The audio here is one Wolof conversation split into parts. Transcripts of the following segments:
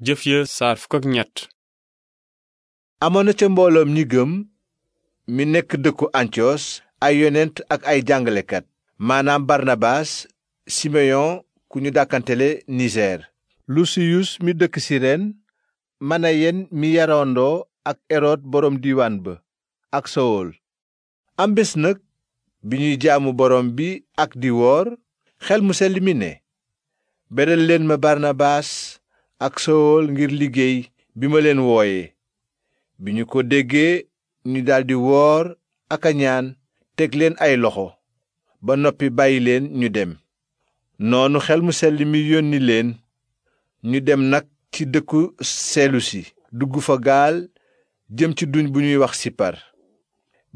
jëf ya saar fukk ak ñett amoon na ca mbooloom ñi gëm mi nekk dëkku antiyos ay yonent ak ay jàngalekat maanaam barnabaas simeyon ku ñu dàkkantele niseer lusiyus mi dëkk sireen yenn mi yarandoo ak erod boroom diiwaan ba ak sowol am bés nag bi ñuy jaamu boroom bi ak di woor xel mu sell mi ne beral leen ma barnabaas ak sowool ngir liggéey bi ma leen wooye bi ñu ko déggee ñu daldi woor ak a ñaan teg leen ay loxo ba noppi bàyyi leen ñu dem noonu xel mu sell mi yónni leen ñu dem nag ci dëkku selusi dugg fa gaal jëm ci duñ bu ñuy wax sipar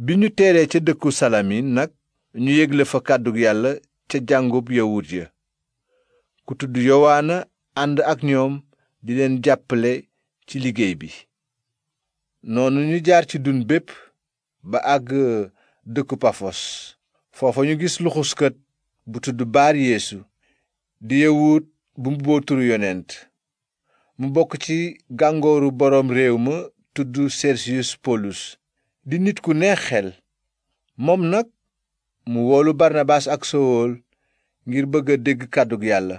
bi ñu teeree ca dëkku salamin nag ñu yégle fa kàddu yàlla ca jàngub yawut ya ku tudd yowaana ànd ak ñoom di leen jàppale ci liggéey bi noonu ñu jaar ci dun bépp ba àgg dëkku pafos foofa ñu gis luxuskat bu tudd baar yeesu di yawut bu mbubboo turu yonent mu bokk ci gàngooru boroom réew ma tudd sersiyus polus di nit ku neex xel moom nag mu woolu barnabaas ak sowool ngir bëgg a dégg kàddug yàlla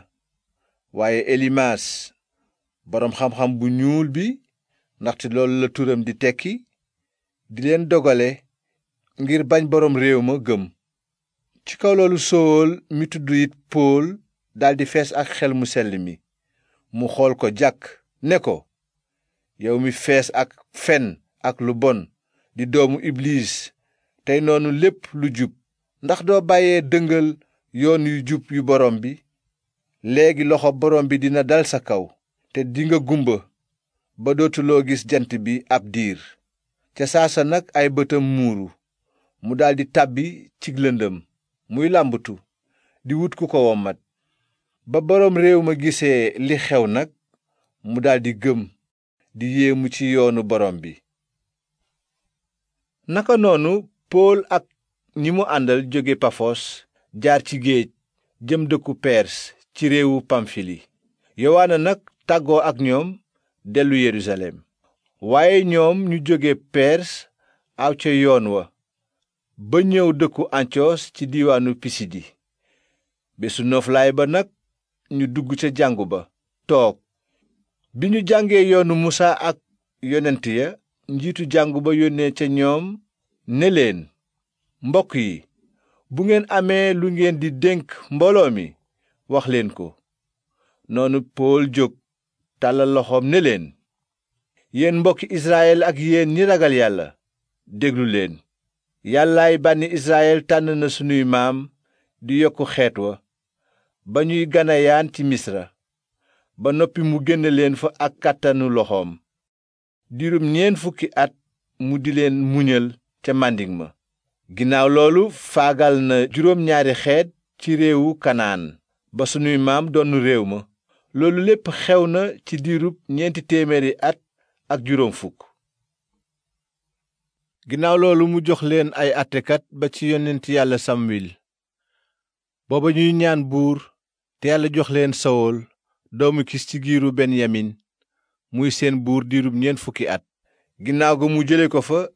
waaye elimaas boroom xam-xam bu ñuul bi ndaxte loolu la turam di tekki di leen dogale ngir bañ boroom réew ma gëm ci kaw loolu sóowal mi tudd it pool daldi fees ak xel mu selli mi mu xool ko jàkk ne ko yow mi fees ak fenn ak lu bon di doomu ibliis tey noonu lépp lu jub ndax doo bàyyee dëngal yoon yu jub yu borom bi léegi loxo borom bi dina dal sa kaw te dinga gumba ba dootuloo gis jant bi ab diir ca saasa nag ay bëtam muuru mu daldi tàbbi ci lëndëm muy làmbatu di wut ku ko wommat ba boroom réew ma gisee li xew nag mu daldi gëm di yéemu ci yoonu borom bi naka noonu pool ak ñi mu àndal jóge pafos jaar ci géej jëm dëkku pers ci réewu pamfili yowaana nag tàggoo ak ñoom dellu Yerusalem waaye ñoom ñu jóge Pers aw ca yoon wa ba ñëw dëkku Antiyos ci diiwaanu Pisidi bésu nooflaay ba nag ñu dugg ca jàngu ba toog bi ñu jàngee yoonu Musaa ak yonent ya njiitu jàngu ba yónnee ca ñoom ne leen mbokk yi bu ngeen amee lu ngeen di dénk mbooloo mi wax leen ko noonu Pool jóg tàllal loxoom ne leen yéen mbokki israyel ak yéen ñi ragal yàlla déglu leen yàllaay bànni israyel tànn na sunuy maam di yokku xeet wa ba ñuy ganayaan ci misra ba noppi mu génne leen fa ak kàttanu loxoom dirum fukki at mu di leen muñal ca màndiŋ ma ginnaaw loolu faagal na juróom ñaari xeet ci réewu kanaan ba sunuy maam doon réew ma loolu lépp xew na ci diirub ñeenti téeméeri at ak juróom fukk ginnaaw loolu mu jox leen ay àttekat ba ci yonent yàlla samwil booba ñuy ñaan buur te yàlla jox leen sawool doomu kis ci giiru benyamin muy seen buur diirub ñeent fukki at ginnaaw ga mu jële ko fa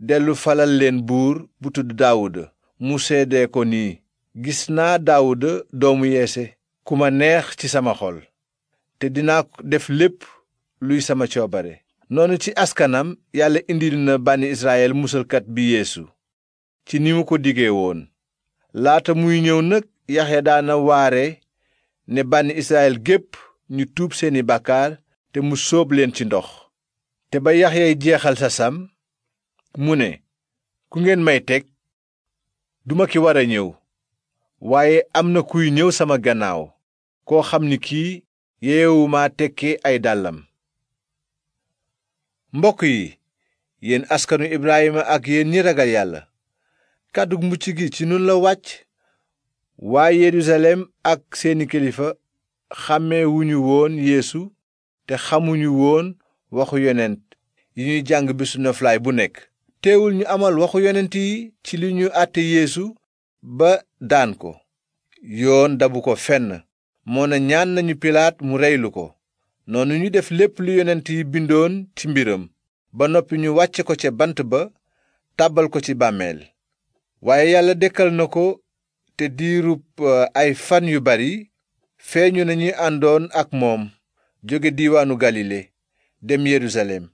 dellu falal leen buur bu tudd daawuda mu seede ko nii gis naa daawuda doomu yeese ku ma neex ci sama xol te dinaa def lépp luy sama coobare noonu ci askanam yàlla indil na bànni israyel musalkat bi yeesu ci ni mu ko digee woon laata muy ñëw nag yaxya daana waare ne bànni israyel gépp ñu tuub seeni bàkkaar te mu sóob leen ci ndox te ba yaxyay jeexal sasam mu ne ku ngeen may teg duma ki war a ñëw waaye am na kuy ñëw sama gannaaw koo xam ni kii yeewu tekki ay dàllam mbokk yi yéen askanu ibraahima ak yéen ñi ragal yàlla kàddug mucc gi ci nun la wàcc waa Yerusalem ak seeni kilifa xàmmewuñu woon yéesu te xamuñu woon waxu yonent yi ñuy jàng bésu noflaay bu nekk teewul ñu amal waxu yonent yi ci li ñu àtte Yeesu ba daan ko yoon dabu ko fenn moo na ñaan nañu pilaat mu reylu ko noonu ñu def lépp lu yonent yi bindoon ci mbiram ba noppi ñu wàcce ko ca bant ba tàbbal ko ci bàmmeel waaye yàlla dëkkal na ko te diirub eh, ay fan yu bari feeñu na ñi àndoon ak moom jóge diiwaanu galile dem yerusalem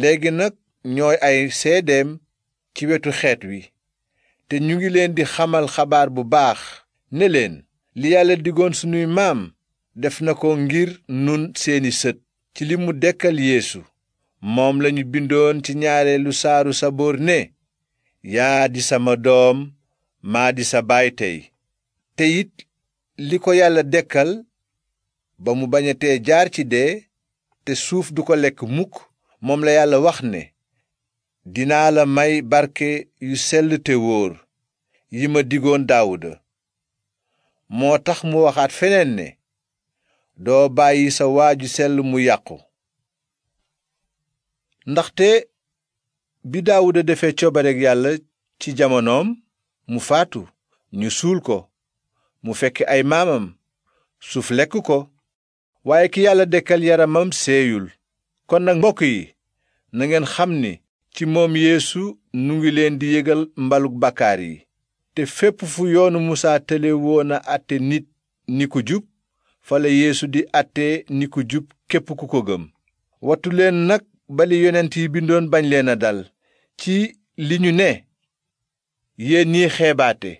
léegi nag ñooy ay seedeem ci wetu xeet wi te ñu ngi leen di xamal xabaar bu baax ne leen li yàlla digoon sunuy maam def na ko ngir nun seeni sët ci li mu dekkal yéesu moom lañu bindoon ci ñaareelu saaru saboor ne yaa di sama doom maa di sa baay tey te it li ko yàlla dekkal ba mu bañatee jaar ci dee te suuf du ko lekk mukk moom la yàlla wax ne dinaa la may barke yu sell te wóor yi ma digoon daawuda moo tax mu waxaat feneen ne doo bàyyi sa waaju sel mu yàqu ndaxte bi daawuda defee coobareg yàlla ci jamonoom mu faatu ñu suul ko mu fekk ay maamam suuf lekk ko waaye ki yàlla dekkal yaramam seeyul kon nag mbokk yi na ngeen xam ni ci moom yeesu nu ngi leen di yégal mbalug bàkkaar yi te fépp fu yoonu musaa tële woon a àtte nit ni ku jub fala yéesu di àtte ni ku jub képp ku ko gëm wattu leen nag bali yonent yi bindoon bañ leen a dal ci li ñu ne yéen ñi xeebaate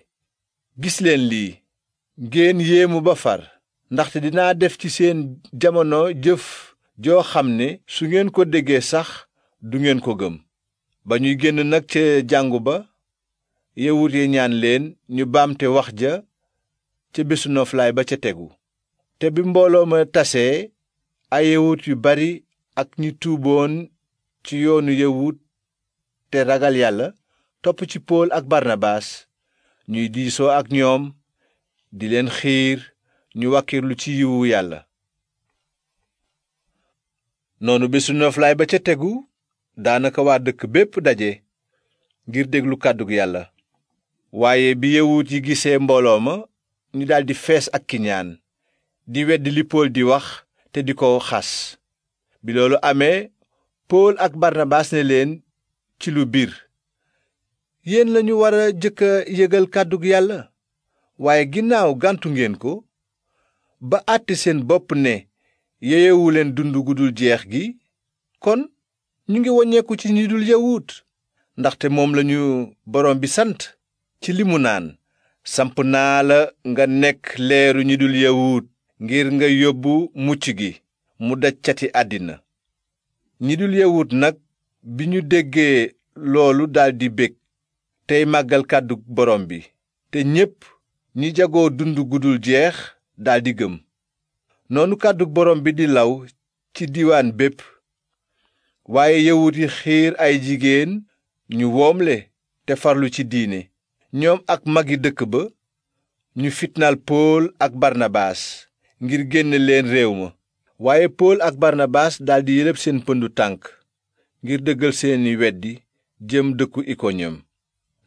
gis leen lii ngeen yéemu ba far ndaxte dinaa def ci seen jamono jëf joo xam ne su ngeen ko déggee sax du ngeen ko gëm ba ñuy génn nag ca jàngu ba yawut yi ñaan leen ñu baamte wax ja ca bésu noflaay ba ca tegu te bi mbooloo ma tasee ay yawut yu bari ak ñu tuuboon ci yoonu yawut te ragal yàlla topp ci pool ak barnabaas ñuy diisoo ak ñoom di leen xiir ñu wàkkirlu ci yiwu yàlla noonu bésu noflaay ba ca tegu daanaka waa dëkk bépp daje ngir déglu kàddug yàlla waaye bi yawut yi gisee mbooloo ma ñu daldi fees ak kiñaan di wedd li pool di wax te di ko xas bi loolu amee pool ak barnabaas ne leen ci lu biir yéen lañu war a jëkk a yëgal kàddug yàlla waaye ginnaaw gàntu ngeen ko ba àtte seen bopp ne yeyewu leen dund gudul jeex gi kon ñu ngi waññeeku ci ñi dul yawut ndaxte moom lañu borom bi sant ci li mu naan samp naa la nga nekk leeru ñi dul yawut ngir nga yóbbu mucc gi mu daj cati àddina ñi dul yawut nag bi ñu déggee loolu daldi bég tey màggal kàddu borom bi te ñépp ñi jagoo dund gudul jeex daldi gëm noonu kàddu borom bi di law ci diiwaan bépp waaye yawut yi xiir ay jigéen ñu woomle te farlu ci diine ñoom ak magi dëkk ba ñu fitnaal pool ak barnabaas ngir génne leen réew ma waaye pool ak barnabaas daldi yëlëb seen pëndu tànk ngir dëggal seeni weddi jëm dëkku ikoniyom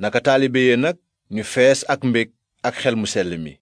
naka taalibe ya nag ñu fees ak mbég ak xel mu sell mi